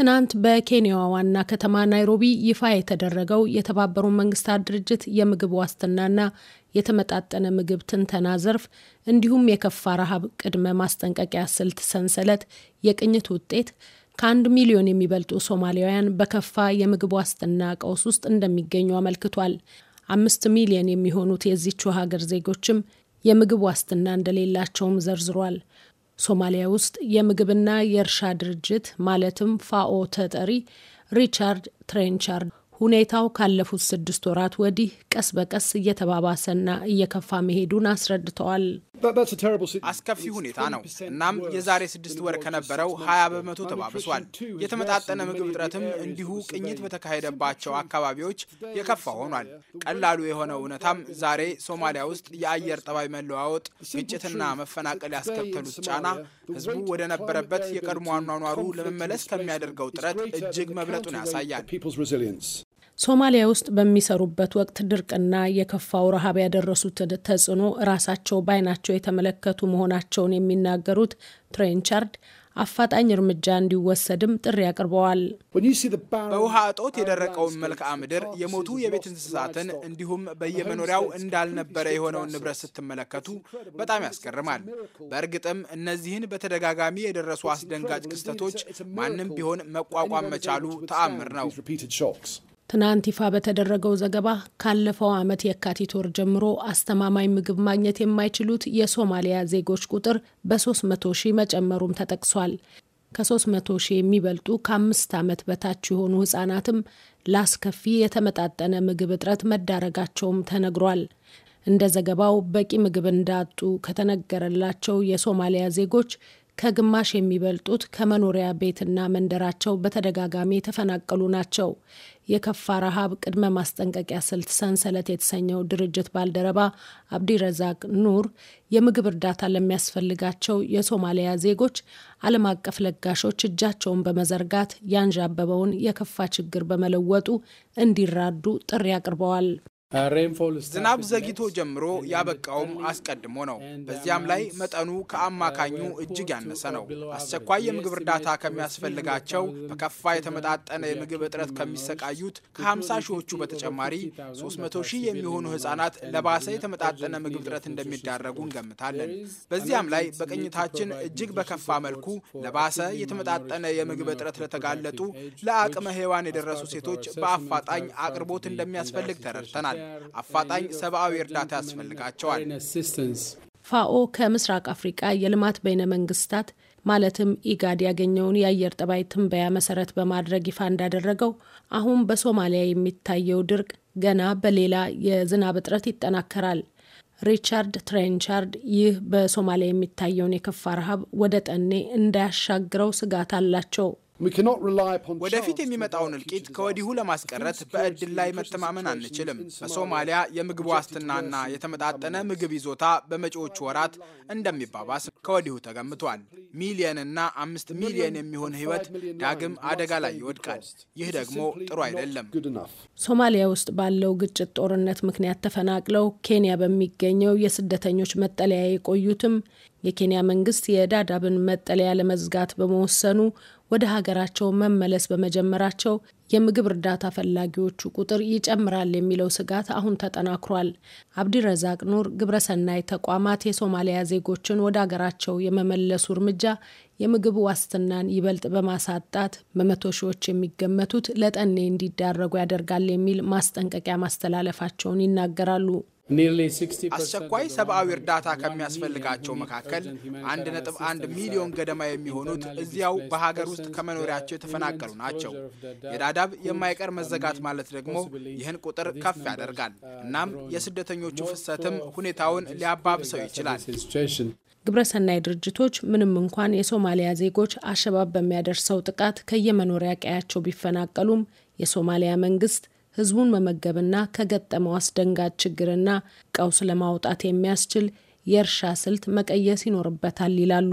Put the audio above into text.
ትናንት በኬንያዋ ዋና ከተማ ናይሮቢ ይፋ የተደረገው የተባበሩ መንግስታት ድርጅት የምግብ ዋስትናና የተመጣጠነ ምግብ ትንተና ዘርፍ እንዲሁም የከፋ ረሃብ ቅድመ ማስጠንቀቂያ ስልት ሰንሰለት የቅኝት ውጤት ከአንድ ሚሊዮን የሚበልጡ ሶማሊያውያን በከፋ የምግብ ዋስትና ቀውስ ውስጥ እንደሚገኙ አመልክቷል። አምስት ሚሊዮን የሚሆኑት የዚቹ ሀገር ዜጎችም የምግብ ዋስትና እንደሌላቸውም ዘርዝሯል። ሶማሊያ ውስጥ የምግብና የእርሻ ድርጅት ማለትም ፋኦ ተጠሪ ሪቻርድ ትሬንቻርድ ሁኔታው ካለፉት ስድስት ወራት ወዲህ ቀስ በቀስ እየተባባሰና እየከፋ መሄዱን አስረድተዋል። አስከፊ ሁኔታ ነው። እናም የዛሬ ስድስት ወር ከነበረው 20 በመቶ ተባብሷል። የተመጣጠነ ምግብ እጥረትም እንዲሁ ቅኝት በተካሄደባቸው አካባቢዎች የከፋ ሆኗል። ቀላሉ የሆነው እውነታም ዛሬ ሶማሊያ ውስጥ የአየር ጠባይ መለዋወጥ፣ ግጭትና መፈናቀል ያስከተሉት ጫና ህዝቡ ወደ ነበረበት የቀድሞ አኗኗሩ ለመመለስ ከሚያደርገው ጥረት እጅግ መብለጡን ያሳያል። ሶማሊያ ውስጥ በሚሰሩበት ወቅት ድርቅና የከፋው ረሃብ ያደረሱትን ተጽዕኖ ራሳቸው ባይናቸው የተመለከቱ መሆናቸውን የሚናገሩት ትሬንቻርድ አፋጣኝ እርምጃ እንዲወሰድም ጥሪ አቅርበዋል። በውሃ እጦት የደረቀውን መልክዓ ምድር፣ የሞቱ የቤት እንስሳትን እንዲሁም በየመኖሪያው እንዳልነበረ የሆነውን ንብረት ስትመለከቱ በጣም ያስገርማል። በእርግጥም እነዚህን በተደጋጋሚ የደረሱ አስደንጋጭ ክስተቶች ማንም ቢሆን መቋቋም መቻሉ ተአምር ነው። ትናንት ይፋ በተደረገው ዘገባ ካለፈው ዓመት የካቲት ወር ጀምሮ አስተማማኝ ምግብ ማግኘት የማይችሉት የሶማሊያ ዜጎች ቁጥር በ300 ሺህ መጨመሩም ተጠቅሷል። ከ300 ሺህ የሚበልጡ ከአምስት ዓመት በታች የሆኑ ሕፃናትም ለአስከፊ የተመጣጠነ ምግብ እጥረት መዳረጋቸውም ተነግሯል። እንደ ዘገባው በቂ ምግብ እንዳጡ ከተነገረላቸው የሶማሊያ ዜጎች ከግማሽ የሚበልጡት ከመኖሪያ ቤትና መንደራቸው በተደጋጋሚ የተፈናቀሉ ናቸው። የከፋ ረሃብ ቅድመ ማስጠንቀቂያ ስልት ሰንሰለት የተሰኘው ድርጅት ባልደረባ አብዲረዛቅ ኑር የምግብ እርዳታ ለሚያስፈልጋቸው የሶማሊያ ዜጎች ዓለም አቀፍ ለጋሾች እጃቸውን በመዘርጋት ያንዣበበውን የከፋ ችግር በመለወጡ እንዲራዱ ጥሪ አቅርበዋል። Uh, ዝናብ ዘግይቶ ጀምሮ ያበቃውም አስቀድሞ ነው። uh, በዚያም ላይ መጠኑ uh, ከአማካኙ እጅግ ያነሰ ነው። አስቸኳይ የምግብ እርዳታ ከሚያስፈልጋቸው በከፋ የተመጣጠነ የምግብ እጥረት ከሚሰቃዩት ከ50 ሺዎቹ በተጨማሪ 300 ሺህ የሚሆኑ ሕጻናት ለባሰ የተመጣጠነ ምግብ እጥረት እንደሚዳረጉ እንገምታለን። በዚያም ላይ በቅኝታችን እጅግ በከፋ መልኩ ለባሰ የተመጣጠነ የምግብ እጥረት ለተጋለጡ ለአቅመ ሔዋን የደረሱ ሴቶች በአፋጣኝ አቅርቦት እንደሚያስፈልግ ተረድተናል። አፋጣኝ ሰብአዊ እርዳታ ያስፈልጋቸዋል። ፋኦ ከምስራቅ አፍሪቃ የልማት በይነ መንግስታት ማለትም ኢጋድ ያገኘውን የአየር ጠባይ ትንበያ መሰረት በማድረግ ይፋ እንዳደረገው አሁን በሶማሊያ የሚታየው ድርቅ ገና በሌላ የዝናብ እጥረት ይጠናከራል። ሪቻርድ ትሬንቻርድ ይህ በሶማሊያ የሚታየውን የከፋ ረሃብ ወደ ጠኔ እንዳያሻግረው ስጋት አላቸው። ወደፊት የሚመጣውን እልቂት ከወዲሁ ለማስቀረት በእድል ላይ መተማመን አንችልም። በሶማሊያ የምግብ ዋስትናና የተመጣጠነ ምግብ ይዞታ በመጪዎቹ ወራት እንደሚባባስ ከወዲሁ ተገምቷል። ሚሊየንና አምስት ሚሊየን የሚሆን ሕይወት ዳግም አደጋ ላይ ይወድቃል። ይህ ደግሞ ጥሩ አይደለም። ሶማሊያ ውስጥ ባለው ግጭት፣ ጦርነት ምክንያት ተፈናቅለው ኬንያ በሚገኘው የስደተኞች መጠለያ የቆዩትም የኬንያ መንግስት የዳዳብን መጠለያ ለመዝጋት በመወሰኑ ወደ ሀገራቸው መመለስ በመጀመራቸው የምግብ እርዳታ ፈላጊዎቹ ቁጥር ይጨምራል የሚለው ስጋት አሁን ተጠናክሯል። አብዲረዛቅ ኑር ግብረሰናይ ተቋማት የሶማሊያ ዜጎችን ወደ ሀገራቸው የመመለሱ እርምጃ የምግብ ዋስትናን ይበልጥ በማሳጣት በመቶ ሺዎች የሚገመቱት ለጠኔ እንዲዳረጉ ያደርጋል የሚል ማስጠንቀቂያ ማስተላለፋቸውን ይናገራሉ። አስቸኳይ ሰብአዊ እርዳታ ከሚያስፈልጋቸው መካከል 1.1 ሚሊዮን ገደማ የሚሆኑት እዚያው በሀገር ውስጥ ከመኖሪያቸው የተፈናቀሉ ናቸው። የዳዳብ የማይቀር መዘጋት ማለት ደግሞ ይህን ቁጥር ከፍ ያደርጋል። uh, እናም የስደተኞቹ ፍሰትም ሁኔታውን ሊያባብሰው ይችላል። ግብረሰናይ ድርጅቶች ምንም እንኳን የሶማሊያ ዜጎች አሸባብ በሚያደርሰው ጥቃት ከየመኖሪያ ቀያቸው ቢፈናቀሉም የሶማሊያ መንግስት ህዝቡን መመገብና ከገጠመው አስደንጋጭ ችግርና ቀውስ ለማውጣት የሚያስችል የእርሻ ስልት መቀየስ ይኖርበታል ይላሉ።